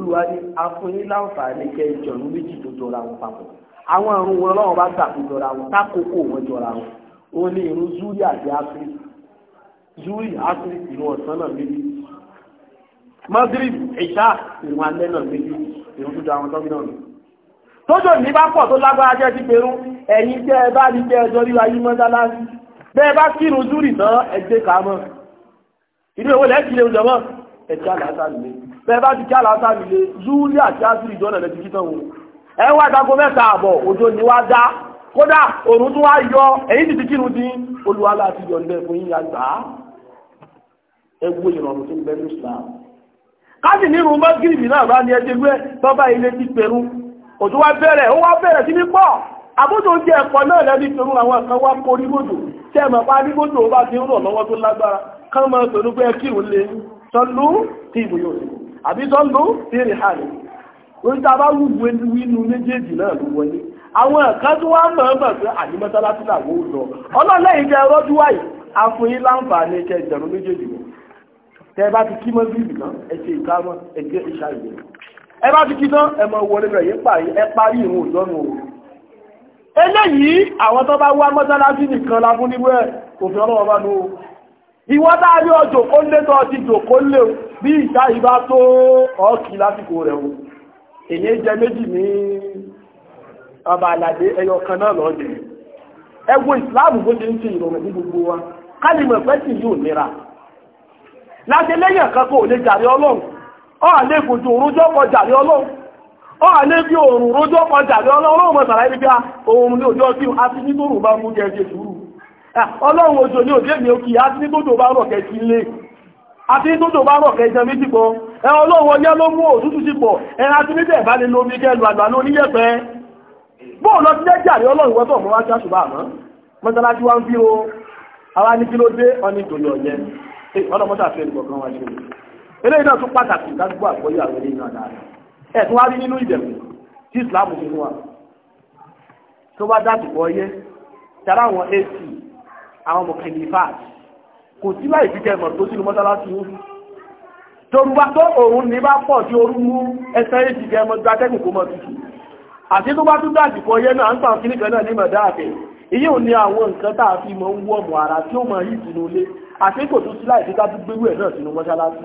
olùwà ni afúnni láǹfààní kẹjọ ní méjì tó jọra wọn papọ̀ àwọn àrùn wọn lọ́wọ́ bá gbà tó jọra wọn tákòókò wọn jọra wọn ó ní irun zuri àti afri zuri afri ìrun ọ̀sán náà méjì magrib ìṣá ìrun alẹ́ náà méjì ìrun tó jọ àwọn tọ́gbìn náà tójò ní bá pọ̀ tó lágbára jẹ́ ti perú ẹ̀yin tẹ́ ẹ bá rí tẹ́ ẹ jọ ríra yín mọ́sálásí bẹ́ẹ̀ bá kírun zuri tán ẹgbẹ́ bẹ́ẹ̀ bá ti kí àlàáfíà nílé zúúlì àti ásírì ìjọ́nà lẹ́ti kí tán wọn ẹ wá ìdágó mẹ́ta àbọ̀ òjò ni wá dá kódà òrùn tún wá yọ èyí ti ti kírun dín olúwa láti yọ̀ ǹdẹ fún yíyá gbà á ẹ wo ìrọ̀rùn tó ń bẹ ní Islam káàdì nírun mọ́gìrìbì náà bá ní ẹjẹ́ gbé tọ́ba ilé ti pẹ̀rú òjò wá bẹ̀rẹ̀ ó wá bẹ̀rẹ̀ sí ní pọ̀ àbójò jẹ́ ẹ̀kọ́ náà lẹ́ni pẹ̀rú àwọn kan wá korí gbòdò tẹ́ mọ̀ pa ní gbòdò ó bá ti ń rọ̀ lọ́wọ́ tó lágbára kán mọ́ pẹ̀lú pé kírun lè sọlú tí ìbò yóò àbí sọ́ńdó fèrè hàlẹ̀ orí tá a bá wù wínú méjèèjì náà ló wọlé àwọn ẹ̀ka tó wá mọ̀ mọ̀ pé àní mọ́sálásí làwọn ò lọ ọlọ́lẹ́yìn jẹ́ rọ́dú wáyé àfòyín láǹfààní kẹ ìdẹ̀rùn méjèèjì wọn tẹ bá ti kí mọ́ bíbì náà ẹ ṣe ìkámọ́ ẹ jẹ́ ìṣà ìwé ẹ bá ti kí tán ẹ mọ wọlé rẹ̀ yé parí ẹ parí ìrùn òjọ́nu o eléyìí àwọn tó bá wá mọ́sálásí nìkan la fún níwẹ̀ òfin ọlọ́wọ́ bá lò ìwọ́n dáadé ọjọ́ kó lé tó jò kó lè bí ìṣá ìbá tó ọ́kì lásìkò o èyí jẹ méjì ní ọba àlàdé náà lọ́dẹ̀ bó ṣe ń ṣe ìrọ̀rùn ní gbogbo wa kálìmọ̀ pẹ́ sì yóò nira láti lẹ́yìn kan kó lè jàre ọlọ́run ọ rójọ́ ọlọ́run ọmọ bí ní Ah, ọlọ́run òjò ní òjò ènìyàn kìí àti nígbòdò bá rọ̀ kẹtì ilé àti nígbòdò bá rọ̀ kẹjẹ méjì pọ̀ ẹ ọlọ́run ọyẹ́ ló mú òtútù sí pọ̀ ẹ àti nígbà ẹ̀bá lè lo omi kẹlu àgbà ní oníyẹ̀pẹ́ bóò lọ sí jẹ́jẹ́ àrí ọlọ́run wọ́tọ̀ mọ́ wájú àṣùbà àmọ́ mọ́sálásí wá ń bí o ara ní kí ló dé ọní ìtòlú ọ̀yẹ́ ọlọ́mọ́sà fẹ́ nìkan kan wá ṣe eléyìí náà tún pàtàkì dágbó àgbọ́yé àwọn eléyìí náà dáadáa ẹ̀ tún wá rí tí ìsìláàmù nínú wa tó bá dásìkò ọyẹ́ tara àwọn ac àwọn mọ̀kẹ́lifà kò sí láì fi kẹ́ mọ̀ tó sínú mọ́sálásí yìí torúbá tó òun ní bá pọ̀ sí orú mú ẹsẹ̀ èjì kẹ́ mọ́ gba tẹ́kùn kó mọ́ tutù àti tó bá tún dájú kọ yẹ́ náà ń tàn kíníkà náà ní mọ̀dá iye ò ní àwọn nǹkan tá a fi mọ̀ ń wọ̀mù ara tí ó mọ̀ yìí sínú ilé àti kò tún sí láì fi kájú gbérú ẹ̀ náà sínú mọ́sálásí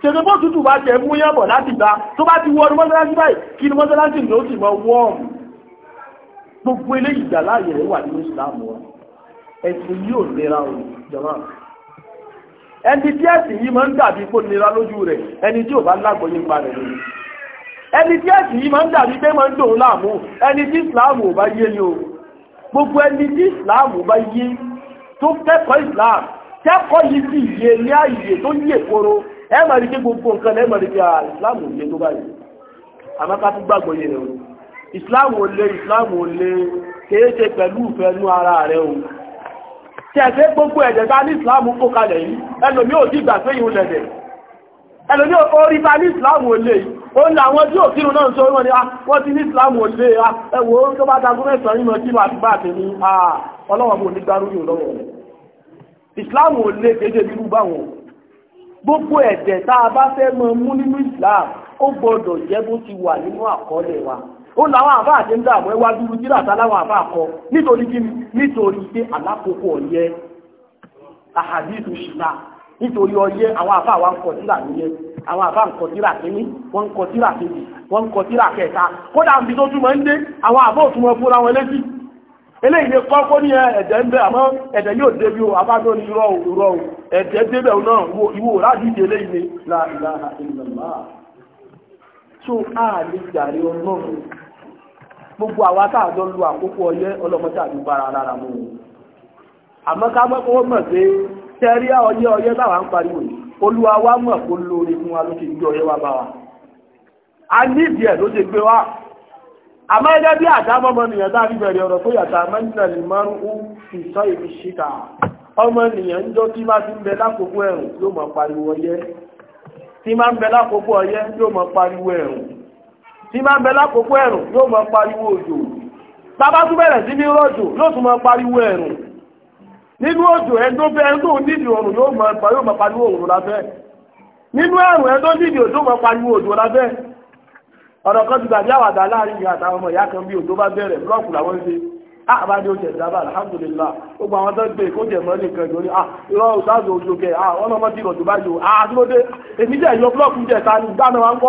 ṣètò bó tutù bá jẹ mú yẹ̀bọ̀ láti gbà tó bá ti wọ́n mọ́sálásí báyìí kí ni mọ́sálásí ló sì mọ́ wọ́ọ̀mù gbogbo eléyìí ìgbà láàyè rẹ̀ wà nínú ìsìlámù wọn ẹ̀sìn yìí ò nira o jama ẹni tí ẹ̀sìn yìí máa ń dàbí kó nira lójú rẹ̀ ẹni tí ò bá lágbóyè pa rẹ̀ lójú ẹni tí ẹ̀sìn yìí máa ń dàbí pé máa ń dòun láàmú ẹni tí ò bá yé ni o gbogbo ẹni tí bá yé tó kẹ́kọ̀ọ́ kẹ́kọ̀ọ́ yìí sì yé ní àyè tó ẹ máa rí pé gbogbo nǹkan máa rí pé ò yé tó báyìí àmọ́ ká tún gbàgbọ́ o ò ara tí ẹ̀sẹ̀ gbogbo ẹ̀dẹ̀ bá ní ìsìláàmù kó kalẹ̀ yìí ẹlòmí ò dìgbà pé ìhun lẹ̀dẹ̀ ẹlòmí ò rí bá ní ìsìláàmù olè yìí ó ń làwọn tí ò kírun náà sórí wọn ni ah, wọ́n ti ní ìsìláàmù olè ah, ẹwọ́ tó bá ta gómẹ̀ sọ ìmọ̀ kí mo ní gbárùn-ún lọ́wọ́ ìsìláàmù olè kéde bíbú báwọn gbogbo ẹ̀dẹ̀ tá a bá fẹ́ mọ mú nínú ìsìláàmù ó wa ó láwọn àbá àti ń dààmú ẹwà dúró jíra àtàláwọn àbá kọ nítorí kí nítorí pé alákòókò ọ̀yẹ àhàdìsù ṣìlá nítorí ọyẹ àwọn àbá wa ń kọ síra nìyẹn àwọn àbá ń kọ síra kínní wọ́n ń kọ síra kejì wọ́n ń kọ síra kẹta kódà ń fi tó túmọ̀ ń dé àwọn àbá òtúmọ̀ fúnra wọn létí eléyìí ni kọ́kọ́ ní ẹ̀jẹ̀ ń bẹ àmọ́ ẹ̀jẹ̀ yóò débi o abájọ́ ní irọ́ o o ẹ̀jẹ̀ débẹ̀ náà ìwò ládìíje eléyìí ni la ilaha illallah so a ọlọ́run gbogbo àwa táàjọ lu àkókò ọyẹ́ ọlọ́mọdé àdúgbò lára mú un àmọ́ ká mọ́ kówó mọ̀ pé tẹ́rí ọyẹ́ ọyẹ́ ń olúwa wa mọ̀ kó lórí fún wa ló ti wa bá a ní ìdí ẹ̀ ló ti gbé wa àmọ́ ẹgbẹ́ a bẹ̀rẹ̀ ọ̀rọ̀ tó yàtọ̀ àmọ́nìyàn márùn-ún fi sọ ìfi ṣíkà ọmọ nìyẹn ń jọ tí bá ti ń bẹ lákòókò ẹ̀rùn yóò mọ̀ ọyẹ́ tí máa ń bẹ lákòókò ẹ̀rùn yóò máa pariwo òjò bàbá tún bẹ̀rẹ̀ sí ní rọ̀jò yóò tún máa pariwo ẹ̀rùn nínú òjò ẹni tó òjò máa pariwo òjò lábẹ́ ọ̀rọ̀ kan ti àwàdà láàrin ìyá àtàwọn ọmọ ìyá kan bí òjò bá bẹ̀rẹ̀ blọ́ọ̀kù làwọn ṣe àbájọ alhamdulillah ó gba àwọn tó ń gbé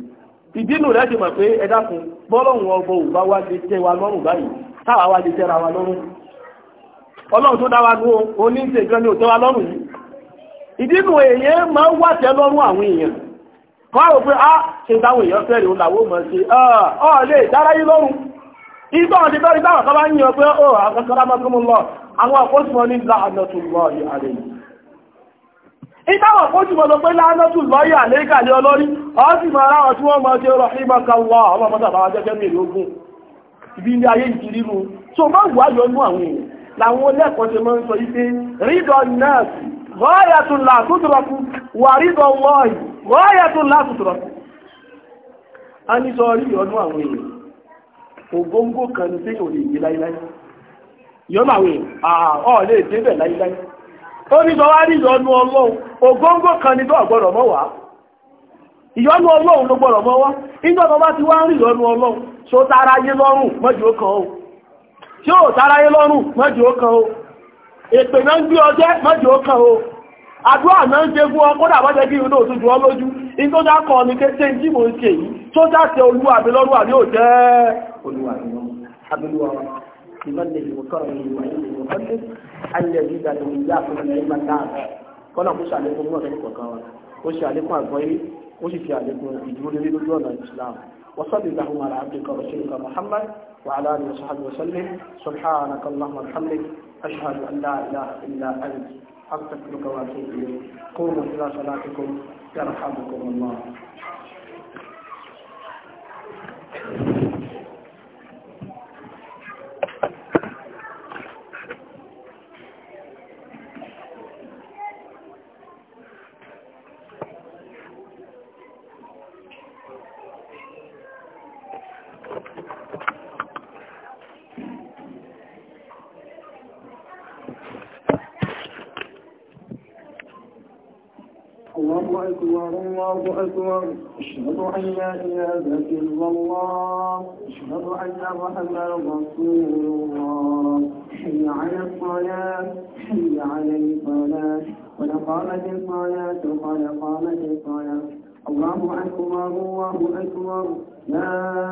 ìdínú rẹ̀ ti mọ̀ pé ẹ dákun ọgbọ ò wá lè tẹ́ wa lọ́rùn báyìí táwa wá lè tẹ́ra wa lọ́rùn ọlọ́run tó dá wa oníṣẹ́ ìjọ ò lọ́rùn yìí ìdínú wá lọ́rùn àwọn èèyàn kọ́ pé ah, ṣe èèyàn fẹ́rẹ̀ ó làwọ́ mọ̀ sí ọ ah, lè lọ́rùn ìgbà wọn ti bẹ́rẹ̀ bá ń yàn pé ó oh, ìtàwọn kó jùmọ̀ lọ pé lánàtù lọ́yà lẹ́gàlẹ́ olórí ọ́sì mọ̀ aláwọ̀ tí wọ́n mọ̀ tí ó rọ̀ ìmọ̀kànlá ọmọ mọ́sàbà jẹ́jẹ́ mẹ́rin ogun ibi ní ayé tó wà àwọn èèyàn ń sọ ipé rídọ̀ wà rídọ̀ a ní sọ rí yọnú àwọn èèyàn kan ní lè ó ní sọ wá rí ìyọnu ọlọ́run ògóńgó kan ní tó ọ̀gbọ́dọ̀ mọ́ wá ìyọnu ọlọ́run ló gbọ́dọ̀ mọ́ wá nígbà bá ti wá rí ìyọnu ọlọ́run tara yé lọ́rùn mọ́jú ó kan o tí ó tara yé lọ́rùn mọ́jú ó kan o ń gbé ọjẹ́ mọ́jú ó kan o àdúrà náà ń ṣe fún ọ kódà bọ́jẹ́ kí inú òtútù ọ in tó alẹ́ yìí dàdé ìyá àfọlẹ́ ẹ̀yìn máa dáa bẹ́ẹ̀ kọ́nà kó ṣàlékún mú ọ̀rẹ́ kọ̀ọ̀kan wa kó ṣe àlékún àgbọ́yé kó sì ṣe àlékún ìdúró lórí lójú ọ̀nà Islam وصل اللهم على عبدك ورسولك محمد وعلى اله وصحبه وسلم سبحانك اللهم وبحمدك اشهد ان لا اله الا انت استغفرك واتوب اليك قوموا الى صلاتكم يرحمكم الله أكبر الله أكبر أشهد أن لا إله إلا الله أشهد أن محمدا رسول الله حي على الصلاة حي على الصلاة قد قامت الصلاة قد قامت الصلاة الله أكبر الله أكبر لا